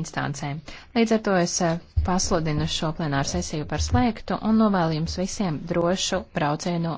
instancēm. Līdz ar to es eh, pasludinu šo plenāru sesiju par slēgtu un novēlu jums visiem drošu braucienu